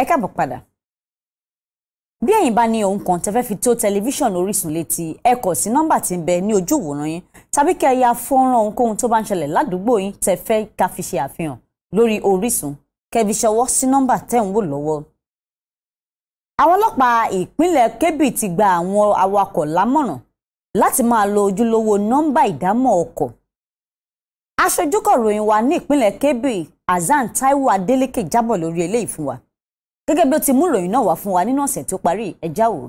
ẹ káàbọ̀ padà bí ẹ̀yin bá ní ohun kan tẹ́ fẹ́ fi tó tẹlifíṣàn Orísun létí ẹ kọ sí nọ́mbà tí ń bẹ ní ojú ìwòran yín tàbí kí ẹ ya fọ́nrán ohunkóhun tó bá ń ṣẹlẹ̀ ládùúgbò yín tẹ́ fẹ́ ká fi ṣe àfihàn lórí Orísun kẹbi ṣọwọ́ sí nọ́mbà tẹ́ ń wò lọ́wọ́. àwọn ọlọ́pàá ìpínlẹ̀ Kebbi ti gba àwọn awakọ̀ lámọ̀ràn láti máa lo ojúlówó nọ́mbà ìdámọ̀ ọkọ̀. aṣojúkọ̀ròyìn wa ní ìpínlẹ̀ Kebbi Hasan Taiwo Adeleke jábọ̀ lórí eléyìí fún wa gẹ́gẹ́ bí ó ti mú ìròyìn náà wá fún wa nínú ọ̀sẹ̀ tó parí ẹjá wò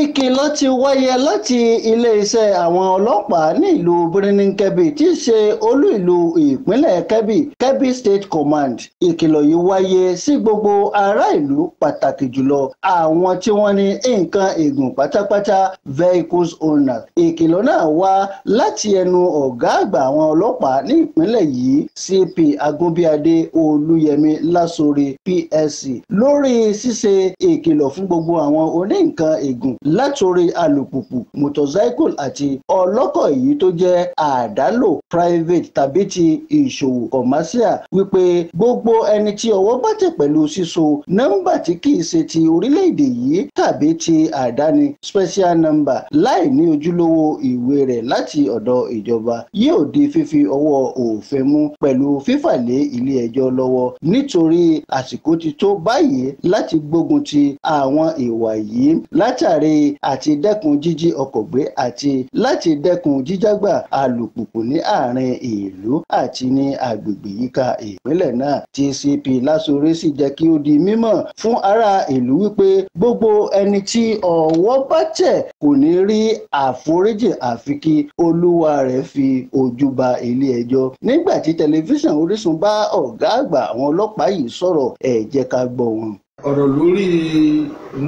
ìkìlọ̀ ti wáyé láti iléeṣẹ́ àwọn ọlọ́pàá nílùú birnin kebbi tí í ṣe olú ìlú ìpínlẹ̀ kebbi kebbi state command ìkìlọ̀ yìí wáyé sí gbogbo ará ìlú pàtàkì jùlọ àwọn tí wọ́n ní nǹkan ègùn pátápátá vehicles owner ìkìlọ̀ náà wá láti ẹnu ọ̀gá àgbà àwọn ọlọ́pàá ní ìpínlẹ̀ yìí cp agunbíadé olúyẹmí lásòrè psc lórí ṣíṣe ìkìlọ̀ fún gbogbo àwọn oní nǹkan ègùn látòrí alùpùpù motorcycle àti ọlọ́kọ̀ èyí tó jẹ́ àdálò private tàbí ti ìṣòwò commercial wípé gbogbo ẹni tí ọwọ́ bá tẹ̀ pẹ̀lú síso nọ́mbà tí kìí ṣe ti orílẹ̀-èdè yìí tàbí ti àdáni special number láì ní ojúlówó ìwé rẹ̀ láti ọ̀dọ̀ ìjọba yóò di fífi ọwọ́ òfin mú pẹ̀lú fífà lé ilé ẹjọ́ lọ́wọ́ nítorí àsìkò ti tó báyìí láti gbógun ti àwọn ìwà yìí látàrí látàrí àti dẹ́kun jíjí ọkọ̀ gbé àti láti dẹ́kun jíjágbà alùpùpù ní àárín ìlú àti ní agbègbè yíká ìpínlẹ̀ náà TCP Lásoore sì jẹ́ kí ó di mímọ̀ fún ará ìlú wípé gbogbo ẹni tí ọwọ́ bá tẹ̀ kò ní rí àforíjì àfi kí olúwa rẹ̀ fi ojú ba ilé ẹjọ́ nígbà tí tẹlifíṣàn Orísun bá ọ̀gá àgbà àwọn ọlọ́pàá yìí sọ̀rọ̀ ẹ ká gbọ́ wọn ọ̀rọ̀ lórí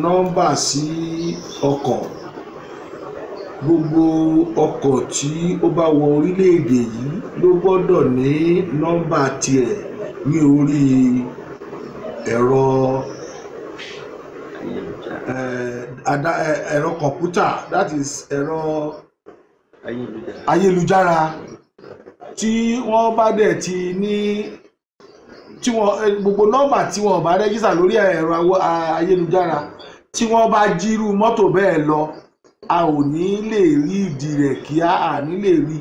nọ́mbà sí ọkọ̀ gbogbo ọkọ̀ tí ó bá wọ orílẹ̀-èdè yìí ló gbọ́dọ̀ ní nọ́mbà tiẹ̀ ní orí ẹ̀rọ eh, eh, ẹ̀rọ kọ̀ǹpútà that is ẹ̀rọ ayélujára tí wọ́n bá dẹ̀ ti ní tí wọ́n eh, gbogbo nọ́mbà tí wọ́n bá rẹ́gísà lórí ẹ̀rọ ayélujára tí wọ́n bá jírú mọ́tò bẹ́ẹ̀ lọ a ò ní lè rí ìdí rẹ̀ kí a à ní lè rí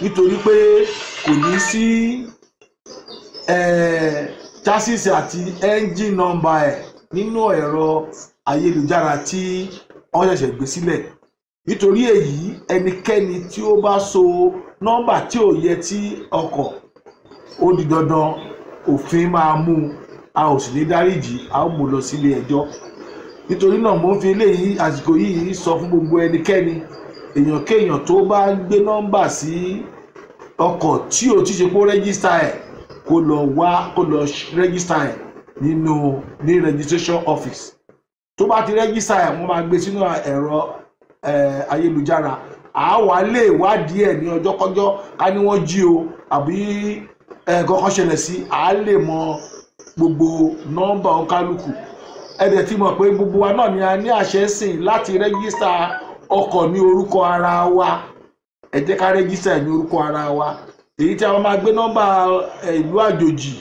nítorí pé kò ní sí eh, chassis àti engine number ẹ̀ nínú ẹ̀rọ ayélujára tí wọ́n ṣẹ̀ṣẹ̀ gbé sílẹ̀ nítorí èyí ẹnikẹ́ni tí ó bá so nọ́mbà tí ò yẹ ti ọkọ̀ ó di dandan òfin máa mú un a ò sì ní dáríjì a ó mú un lọ sílé ẹjọ́ nítorí náà mo ń fi eléyìí àsìkò yìí sọ fún gbogbo ẹnikẹ́ni èèyàn kéèyàn tó bá ń gbé nọ́mbà sí ọkọ̀ tí ò ti ṣe kó rẹ́gísítà ẹ̀ kó lọ wá kó lọ rẹ́gísítà ẹ̀ nínú ní registration office tó bá ti rẹ́gísítà ẹ̀ wọ́n máa gbé e sínú ẹ̀rọ ayélujára àá wà lè wádìí ẹ̀ ní ọjọ́kọ́jọ́ ká ní wọ́n jí o àbí kọ́kọ́ ṣẹlẹ̀ sí à lè mọ gbogbo nọ́mbà ọkálùkù ẹ̀dẹ̀ ti mọ pé gbogbo wa náà ni a ní àṣẹ sìn láti rẹ́gísítà ọkọ̀ ní orúkọ ara wa ẹ jẹ́ ká rẹ́gísítà ní orúkọ ara wa èyí tí a máa gbé nọ́mbà ìlú àjòjì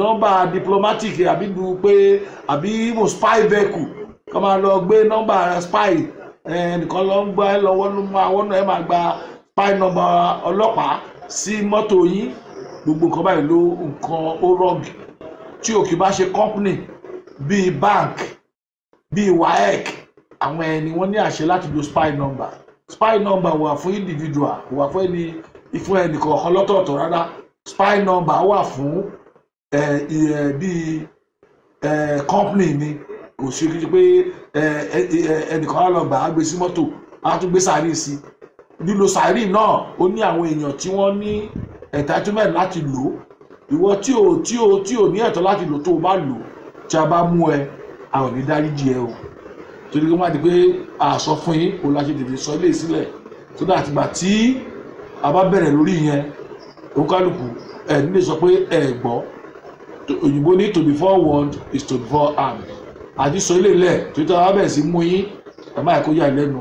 nọ́mbà diplomatic àbí du pé àbí mo spy vehicle kọ́ máa lọ gbé nọ́mbà spy nìkan lọ ń gbá lọ́wọ́ ló máa wọ́n náà ẹ máa gba spy nọmba ọlọ́pàá sí mọ́tò yín gbogbo nǹkan báyìí ló nǹkan ó rọ́ọ̀gì tí òkè bá ṣe company bíi bank bíi waec àwọn ẹni wọ́n ní àṣẹ láti lo spy number spy number wà fún individual wà fún ẹni ìfún ẹnì kọ̀ọ̀kan lọ́tọ̀ọ̀tọ̀ rárá spy number wà fún ẹ bíi ẹ company ni kò sí kí pé ẹ ẹ ẹnìkan á lọ gbà á gbé sí mọ́tò á tún gbé sàárì sí lílo sàárì náà ó ní àwọn èèyàn tí wọ́n ní entitlement láti lò ìwọ tí o tí o tí o ní ẹ̀tọ́ láti lò tó o bá lò tí a bá mú ẹ a ò ní dáríjì ẹ o torí kó má di pé àṣọ fún yín o láti tètè sọ ilé sílẹ̀ tó dà àtìgbà tí a bá bẹ̀rẹ̀ lórí yẹn òun kálukú ẹ̀ nílé sọ pé ẹ̀ gbọ́ òyìnbó ní to be forewarned is to be forearmed àti sọ ilé lẹ̀ tó tọ́ a bá bẹ̀rẹ̀ sí mú yín ẹ̀ má yẹ kó yà lẹ́nu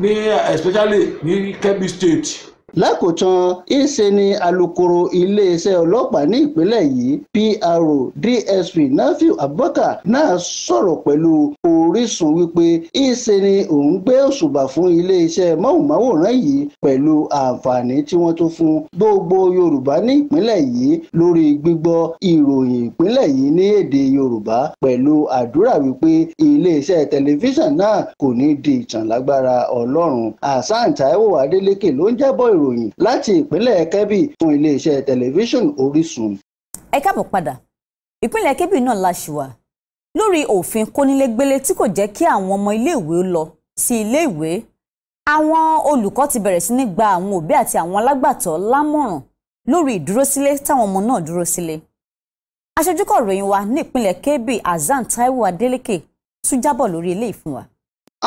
ní especially ní Kebbi State lákòótán ìṣe ni alukoro iléeṣẹ́ ọlọ́pàá ní ìpínlẹ̀ yìí PRO DSP Nafiu Abubakar náà sọ̀rọ̀ pẹ̀lú Orísun wípé ìṣe ni òun gbé òṣùbà fún iléeṣẹ́ móhùnmáwòrán yìí pẹ̀lú àǹfààní tí wọ́n tó fún gbogbo Yorùbá ní ìpínlẹ̀ yìí lórí gbígbọ́ ìròyìn ìpínlẹ̀ yìí ní èdè Yorùbá pẹ̀lú àdúrà wípé iléeṣẹ́ tẹlifíṣàn náà kò ní di ìtàn lágbára Ọlọ́run Hasan Taiwo Adeleke ló ń jábọ̀ ìròyìn ìròyìn láti ìpínlẹ̀ Kebbi fún iléeṣẹ́ tẹlifíṣàn Orísun. ẹ káàbọ̀ padà ìpínlẹ̀ Kebbi náà la ṣì wà lórí òfin kónílégbélé tí kò jẹ́ kí àwọn ọmọ iléèwé lọ sí iléèwé àwọn olùkọ́ ti bẹ̀rẹ̀ sí ní gba àwọn òbí àti àwọn alágbàtọ́ lámọ̀ràn lórí ìdúrósílé táwọn ọmọ náà dúró sílé aṣojúkọ̀ wa ní ìpínlẹ̀ Kebbi Hasan Taiwo Adeleke tún jábọ̀ lórí eléyìí fún wa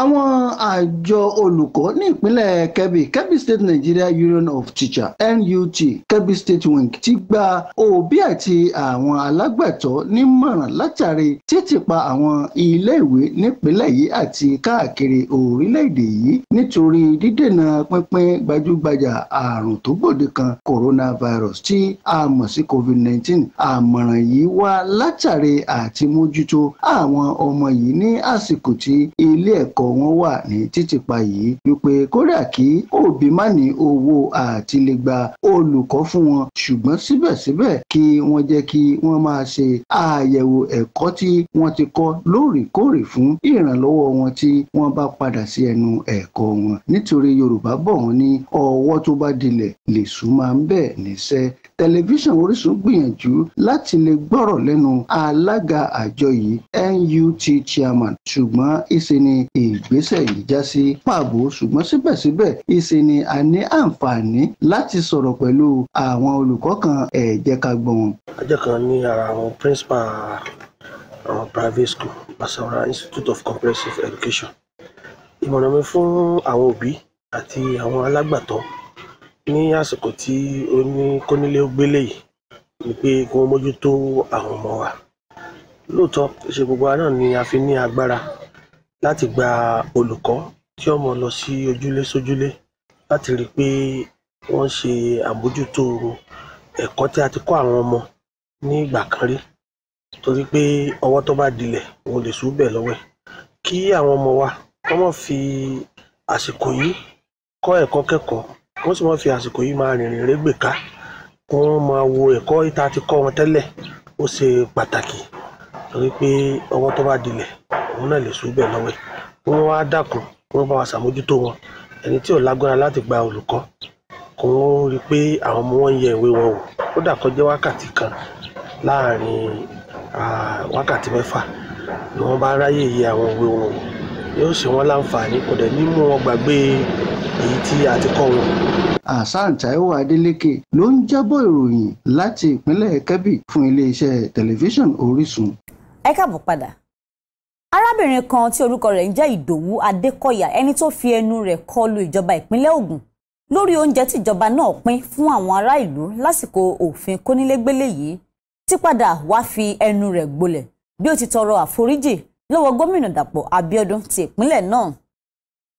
àwọn àjọ olùkọ́ ní ìpínlẹ̀ kebbi kebbi state nigeria union of teachers nut kebbi state wing ti gba òbí àti àwọn alágbàtọ́ nímọ̀ràn látàrí títìpa àwọn iléèwé nípínlẹ̀ yìí àti káàkiri orílẹ̀-èdè yìí nítorí dídènà pínpín gbajúgbajà àrùn tó gbòde kan coronavirus tí a mọ̀ sí covid nineteen àmọ̀ràn yìí wá látàrí àti mójútó àwọn ọmọ yìí ní àsìkò tí ilé ẹ̀kọ́ ikọ̀ wọn wà ní títìpa yìí wípé kódà kí òbí má ní owó àtilégbà olùkọ́ fún wọn ṣùgbọ́n síbẹ̀síbẹ̀ kí wọ́n jẹ́ kí wọ́n máa ṣe àyẹ̀wò ẹ̀kọ́ tí wọ́n ti kọ́ lóòrèkóòrè fún ìrànlọ́wọ́ wọn tí wọ́n bá padà sí ẹnu ẹ̀kọ́ wọn nítorí Yorùbá bọ̀ wọ́n ní ọwọ́ tó bá dilẹ̀ lèṣù máa ń bẹ̀ níṣẹ́ tẹlifíṣàn Orísun gbìyànjú láti lè gbọ́rọ̀ lẹ́nu alága àjọ yìí NUT chairman ṣùgbọ́n ìṣe ìgbésẹ̀ yìí já sí pàbó ṣùgbọ́n síbẹ̀síbẹ̀ ìṣe ni a ní àǹfààní láti sọ̀rọ̀ pẹ̀lú àwọn olùkọ́ kan ẹ jẹ́ ká gbọ́ wọn. ajá kan ní ara àwọn principal àwọn private school Basawara Institute of Comprehensive Education ìmọ̀ràn mi fún àwọn òbí àti àwọn alágbàtọ́ ní àsìkò tí ó ní kónílé ó gbélé yìí ni pé kí wọ́n mójútó àwọn ọmọ wa lóòótọ́ ṣe gbogbo wa náà ni a fi ní agbára láti gba olùkọ́ tí ó mọ̀ lọ sí ojúlé sójúlé láti rí i pé wọ́n ṣe àmójútó ẹ̀kọ́ tí a ti kọ́ àwọn ọmọ ní ìgbà kan rí torí pé ọwọ́ tó bá dilẹ̀ òun lè sùn bẹ̀ lọ́wọ́ ẹ̀ kí àwọn ọmọ wa kọ́ mọ̀ fi àsìkò yìí kọ́ ẹ̀kọ́ kẹ́kọ̀ọ́ wọ́n sì mọ̀ fi àsìkò yìí máa rìnrìn régbè ká kí wọ́n máa wo ẹ̀kọ́ ìta ti kọ́ wọn tẹ́lẹ̀ ó ṣe pàtàkì torí pé ọwọ́ tó bá dilẹ̀ òun náà lè sùn bẹ́ẹ̀ lọ́wọ́ ẹ̀ kí wọ́n wá dákun kí wọ́n bá wa ṣàmójútó wọn ẹni tí ò lágbára láti gba olùkọ́ kí wọ́n rí i pé àwọn ọmọ wọn ń yẹ ìwé wọn wò kódà kó jẹ́ wákàtí kan láàrin wákàtí mẹ́fà ni wọ́n bá ráyè yẹ àwọn ìwé wọn wò yóò ṣe wọ́n láǹfààní kò dẹ̀ ní mú wọn gbàgbé èyí tí a ti kọ́ wọn. Hasan Taiwo Adeleke ló ń jábọ̀ ìròyìn láti ìpínlẹ̀ Kebbi fún iléeṣẹ́ tẹlifíṣàn Orísun. ẹ káàbọ̀ padà arábìnrin kan tí orúkọ rẹ̀ ń jẹ́ ìdòwú adékọ̀yà ẹni tó fi ẹnu rẹ̀ kọlu ìjọba ìpínlẹ̀ Ògùn lórí oúnjẹ tíjọba náà pín fún àwọn ará ìlú lásìkò òfin kónílégbélé yìí tí padà wá fi ẹnu rẹ̀ gbolẹ̀ bí ó ti tọrọ àforíjì lọ́wọ́ gómìnà Dàpọ̀ Abíọ́dún ti ìpínlẹ̀ náà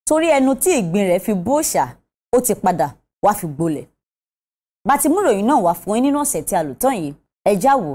torí ẹnu tí ìgbín rẹ̀ fi bú òòṣà ó ti padà wá fi gbolẹ̀ bá náà wá fún yín nínú ọ̀sẹ̀ tí a lò tán yìí ẹ já wò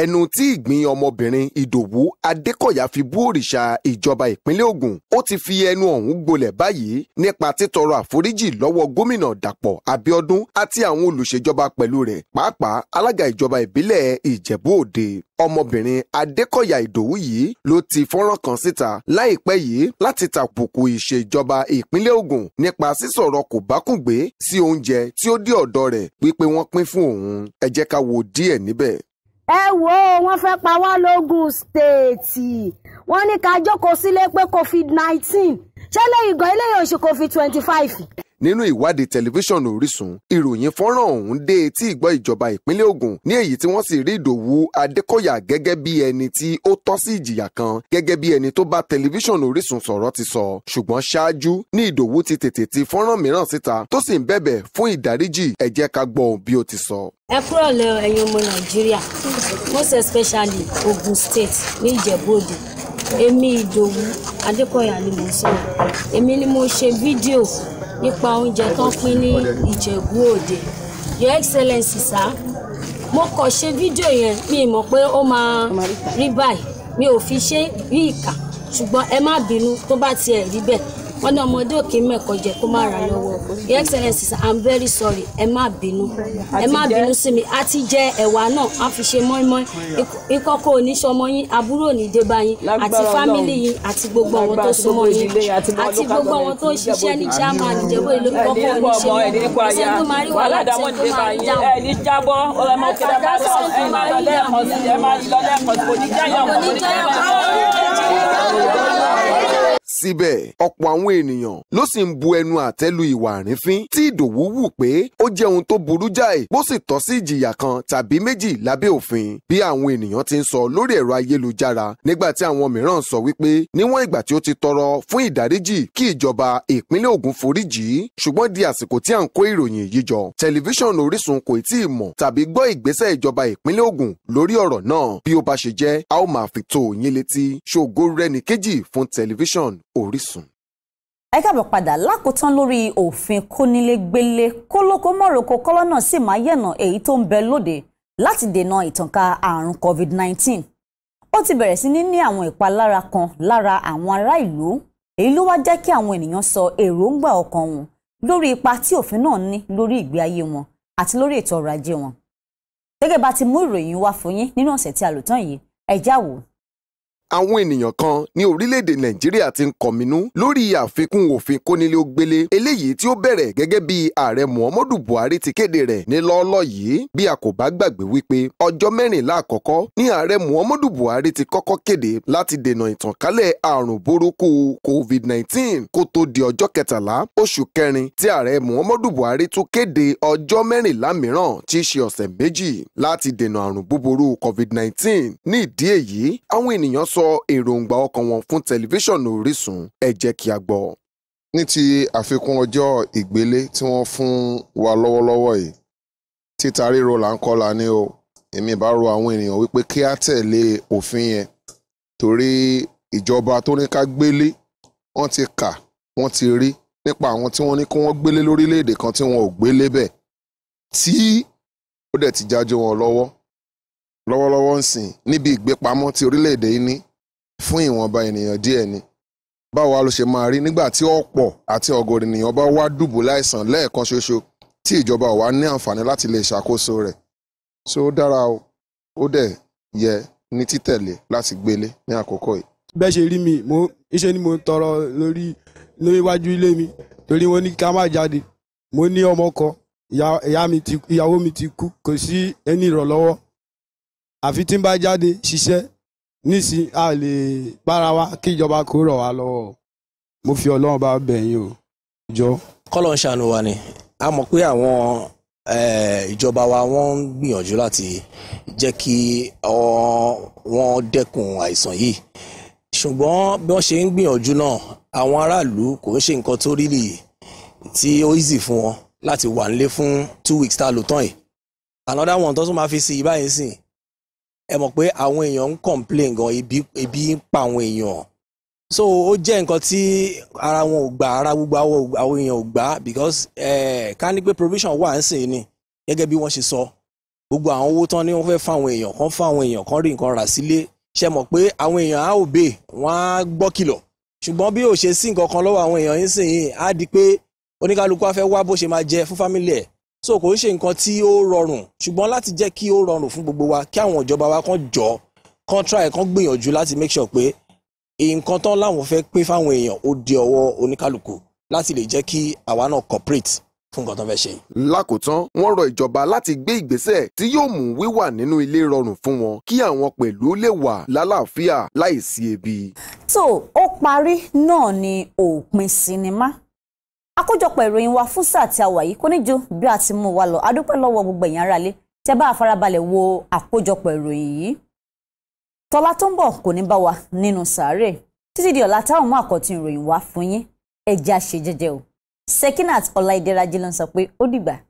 ẹnu tí ìgbín ọmọbìnrin ìdòwú adékọ̀yà fi bú òrìṣà ìjọba ìpínlẹ̀ Ògùn ó ti fi ẹnu ọ̀hún gbolẹ̀ báyìí nípa títọrọ àforíjì lọ́wọ́ gómìnà dàpọ̀ abíọ́dún àti àwọn olùṣèjọba pẹ̀lú rẹ̀ pàápàá alága ìjọba ìbílẹ̀ ìjẹ̀bú òde ọmọbìnrin adékọ̀yà ìdòwú yìí ló ti fọ́nrán kan síta láìpẹ́ yìí láti tàbùkù ìṣèjọba ìpínlẹ̀ Ògùn nípa sísọ̀rọ̀ kò bákùngbé sí oúnjẹ tí ó dé ọ̀dọ̀ rẹ̀ wípé wọ́n pín fún òun ẹ ká wo díẹ̀ níbẹ̀ ẹ wo wọ́n fẹ́ pa wá lógún stéètì wọ́n ní ká jókòó sílé pé covid nineteen ṣé lẹ́yìn gan eléyìí ò ṣe covid twenty five nínú ìwádìí tẹlifíṣàn Orísun ìròyìn fọ́nrán ọ̀hún dé etí ìgbọ́ ìjọba ìpínlẹ̀ Ògùn ní èyí tí wọ́n sì rí Ìdòwú Adékọ̀yà gẹ́gẹ́ bí ẹni tí ó tọ́ sí ìjìyà kan gẹ́gẹ́ bí ẹni tó bá tẹlifíṣàn Orísun sọ̀rọ̀ ti sọ ṣùgbọ́n ṣáájú ní Ìdòwú ti tètè ti fọ́nrán mìíràn síta tó sì ń bẹ̀bẹ̀ fún ìdáríjì ẹ jẹ́ ká gbọ́ bí ó ti sọ. ẹ kúrò lẹ ẹ̀yin ọmọ Nàìjíríà most especially Ogun State ní Ìjẹ̀bú-Òde èmi Ìdòwú Adékọ̀yà ni mo sọ̀rọ̀ èmi ni mo ṣe fídíò nípa oúnjẹ tó ń pín ní Ìjẹ̀bú Òde Your Excellency sá mo kàn ṣe fídíò yẹn mi mọ̀ pé ó máa rí báyìí mi ò fi ṣe rí ìkà ṣùgbọ́n ẹ má bínú tó bá tiẹ̀ rí bẹ́ẹ̀ wọ́n ní ọmọdé òkè mẹ́kọ jẹ kó má ra lọ́wọ́ your excellence sir i'm very sorry ẹ má bínú ẹ má bínú sí mi a ti jẹ ẹ̀wà náà a fi ṣe mọ́ínmọ́ín ìkọ̀kọ̀ oníṣọmọ yín àbúrò onídébá yín àti fámìlì yín àti gbogbo àwọn tó súnmọ́ yín àti gbogbo àwọn tó ṣiṣẹ́ ní chairman ìjẹ́bú ìlú ìkọ̀kọ̀ oníṣẹ́ mọ́ ìṣẹ́gun máa rí wàhálà tó máa ń dáhùn. ẹ ní jábọ́ ọlọmọkẹ́ síbẹ̀ ọ̀pọ̀ àwọn ènìyàn ló sì ń bu ẹnu àtẹ́ lu ìwà àrífín tí ìdòwú wù pé ó jẹ́ ohun tó burú jáì bó sì tọ́ sí ìjìyà kan tàbí méjì lábẹ́ òfin bí àwọn ènìyàn ti ń sọ lórí ẹ̀rọ ayélujára nígbà tí àwọn mìíràn sọ wípé níwọ̀n ìgbà tí ó ti tọrọ fún ìdáríjì kí ìjọba ìpínlẹ̀ Ògùn foríjì ṣùgbọ́n di àsìkò tí à ń kó ìròyìn yìí jọ tẹlifíṣàn Orísun kò tí ì mọ̀ tàbí gbọ́ ìgbésẹ̀ ìjọba ìpínlẹ̀ Ògùn lórí ọ̀rọ̀ náà bí ó bá ṣe jẹ́ a ó máa fi tó yín létí ṣògo rẹ́ni fún tẹlifíṣàn Orísun. ẹ káàbọ̀ padà lákòótán lórí òfin kónílégbélé kólókó mọ́ròkó kọ́lọ́nà sì máa yẹ̀nà èyí tó ń bẹ lóde láti dènà ìtànká àrùn COVID-19 ó ti bẹ̀rẹ̀ sí ní ní àwọn ìpalára kan lára àwọn ará ìlú èyí ló wá jẹ́ kí àwọn ènìyàn sọ èròǹgbà ọkàn wọn lórí ipa tí òfin náà ní lórí ìgbé ayé wọn àti lórí ètò ọrọ̀ ajé wọn gẹ́gẹ́ bá ti mú ìròyìn wá fún yín nínú ọ̀sẹ̀ tí a lò tán yìí ẹ já wò àwọn ènìyàn kan ní orílẹ̀-èdè nàìjíríà ti ń kọ̀mínú lórí àfikún òfin kónílé-ó-gbélé eléyìí tí ó bẹ̀rẹ̀ gẹ́gẹ́ bí ààrẹ muhammadu buhari ti kéde rẹ̀ ní lọ́ọ́lọ́ yìí bí a kò bá gbàgbé wípé ọjọ́ mẹ́rìnlá àkọ́kọ́ ní ààrẹ muhammadu buhari ti kọ́kọ́ kéde láti dènà ìtànkálẹ̀ àrùn burúkú covid-19 kó tó di ọjọ́ kẹtàlá oṣù kẹrin tí ààrẹ muhammadu buhari tún kéde ọjọ́ mẹ́rìnlá mìíràn tí í ṣe ọ̀sẹ̀ méjì láti dènà àrùn covid-19 ní ìdí èyí àwọn ènìyàn sọ èròǹgbà ọkàn wọn fún tẹlifíṣàn Orísun ẹ jẹ́ kí a gbọ́. ní ti àfikún ọjọ́ ìgbélé tí wọ́n fún wa lọ́wọ́lọ́wọ́ yìí títa ríro là ń kọ́la ní o èmi bá rọ àwọn ènìyàn wípé kí á tẹ̀lé òfin yẹn torí ìjọba tó ní ká gbélé wọ́n ti kà wọ́n ti rí nípa àwọn tí wọ́n ní kí wọ́n gbélé lórílẹ̀‐èdè kan tí wọn ò gbélé bẹ́ẹ̀ tí ó dẹ̀ ti jájọ wọn lọ́wọ́ lọ́wọ́lọ́wọ́ ń sìn níbi ìgbépamọ́ tí orílẹ̀‐èdè yìí ní fún ìwọ̀nba ènìyàn díẹ̀ ni báwo a ló ṣe máa rí nígbà tí ọ̀pọ̀ àti ọ̀gọ̀rọ̀ ènìyàn bá wá dùbúlẹ̀ àìsàn lẹ́ẹ̀kan ṣoṣo tí ìjọba ò ní àǹfààní láti lè ṣàkóso rẹ̀ so ó dára o ó dẹ̀ yẹ ní títẹ̀lé láti gbélé ní àkókò yìí. bẹ́ẹ̀ ṣe rí mi mo iṣẹ́ ni mo ń tọrọ lórí lórí iwájú ilé mi torí wọ́n ní ká má jáde mo ní ọmọ kan ìyàwó mi ti kú kò sí ẹni ìrànlọ́wọ́ àfi tí n bá jáde ṣiṣẹ́ nísìn a lè bára wa kí ìjọba kó rọ̀ wá lọ́wọ́ mo fi ọlọ́run bá bẹ̀ yín o jọ. kọ́lọ̀ ń ṣàánú wa ni a mọ̀ pé àwọn ìjọba wa wọ́n ń gbìyànjú láti jẹ́ kí wọ́n dẹ́kun àìsàn yìí ṣùgbọ́n bí wọ́n ṣe ń gbìyànjú náà àwọn aráàlú kò ń ṣe nǹkan tó rírì tí ó easy fún wọn láti wà nílé fún two weeks tá a lò tán yìí another one tó tún máa fi sí i báyìí sìn ẹ mọ̀ pé àwọn èèyàn ń complain gan ebi ebi ń pa àwọn èèyàn so ó jẹ́ nǹkan tí ara wọn ò gbà ara gbogbo àwọn èèyàn ò gbà because eh, ká ní pé provision wà ń sìn ni gẹ́gẹ́ bí wọ́n ṣe sọ gbogbo àwọn owó tán ni wọ́n fẹ́ fáwọn èèyàn kan fáwọn èèyàn kan rí nǹkan rà sílé ṣe mọ̀ pé àwọn èèyàn á òbè wọ́n á gbọ́ kìlọ̀ ṣùgbọ́n bí ò ṣe sí nǹkan kan lọ́wọ́ àwọn èèyàn yín sìn yìí á di pé oníkálukú á fẹ́ wá bó ṣe máa jẹ fún fámílì ẹ̀ so kò ń ṣe nǹkan tí ó rọrùn ṣùgbọ́n láti jẹ́ kí ó rọrùn fún gbogbo wa kí àwọn ìjọba wa kan jọ kan try kan gbìyànjú láti make sure pé nǹkan tán láwọn fẹ́ pín fáwọn èèyàn ó di ọwọ́ oníkálukú láti lè jẹ́ kí àwa náà cooperate fún nǹkan tó fẹ́ ṣe. lákòótán wọ́n rọ ìjọba láti gbé ìgbésẹ̀ tí yóò mú wíwà nínú ilé rọrùn fún wọn kí àwọn pẹ̀lú lè wà lálàáfíà láìsí ebi. tó ó parí náà ni òpin sinimá àkójọpọ̀ ìròyìn wa fún sáà tí a wà yìí kò ní ju bí a ti mú wa lọ a dúpẹ́ lọ́wọ́ gbogbo ẹ̀yin aráalé tí ẹ bá farabalẹ̀ wo àkójọpọ̀ ìròyìn yìí tọ́lá tó ń bọ̀ kò ní bá wa nínú sàárè títí di ọ̀la táwọn mú àkọ́tún ìròyìn wá fún yín ẹ̀jẹ̀ àṣejẹjẹ o Sekinat Ọláìdẹ́rajì ló ń sọ pé ó dìgbà